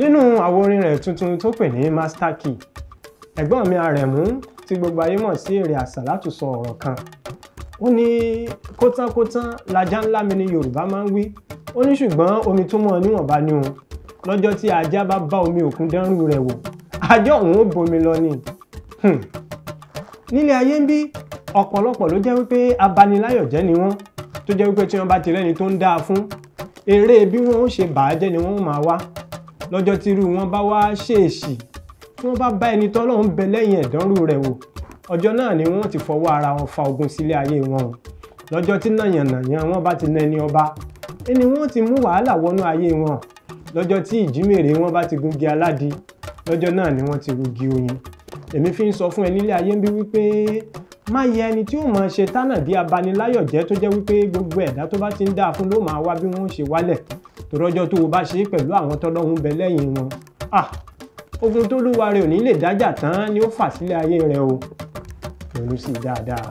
nínú àwo orin rẹ̀ tuntun tó pè ní master key ẹ̀gbọ́n mi àrẹ̀mú tí gbogbo ayé mọ̀ sí èrè àsàlátù sọ ọ̀rọ̀ kan ó ní kótánkótán lajá ńlá mi ni yorùbá máa ń wí ó ní ṣùgbọ́n omi tó mọ̀ níwọ̀nba ni òun lọ́jọ́ tí ajá bá bá omi òkun dánrù rẹ̀ wò ajá òun ó bomi lọ ni hmm. nílé ayé ń bí ọ̀pọ̀lọpọ̀ ló jẹ́ wípé abaniláyọ̀jẹ́ ni wọ́n tó jẹ́ wípé tí wọ́n bá ti rẹ́ni tó ń dáa fún eré bí wọ́n ó ṣe bàá jẹ́ ni wọ́n máa wá lọ́jọ́ tí irú wọn bá wá ṣèèṣì tí wọ́n bá bá ẹni tọ́lọ́run bẹ lẹ́yìn ẹ̀dánrú rẹ̀ wò ọjọ́ náà ni wọ́n ti fọwọ́ ara wọn fa ogun sílé ayé wọn o lọ́jọ́ tí nàyànnàyàn wọn bá ti na ẹni ọba ẹni wọ́n ti mú wàhálà wọnú ayé wọn lọ́jọ́ tí ìjímèrè wọn bá ti gungi aládi lọ́jọ́ náà ni wọ́n ti rugi oyin èmi fi ń sọ fún ẹ nílé ayé ń bí wípé má yẹ ẹni tí ó mọ̀ ṣe tánà bí abaniláyọ̀jẹ́ tó jẹ́ wípé gbogbo ẹ̀dá tó bá ti ń dáa fún ló máa wá bí wọ́n ṣe wálẹ̀ tòrọ́jọ́ tó o bá ṣe é àwọn tọ́lọ́hún bẹ lẹ́yìn wọn ah ogun tó lúwa rẹ̀ ò ní lè dájà tán ni ó fà sílẹ̀ ayé rẹ̀ o ronú sí dáadáa.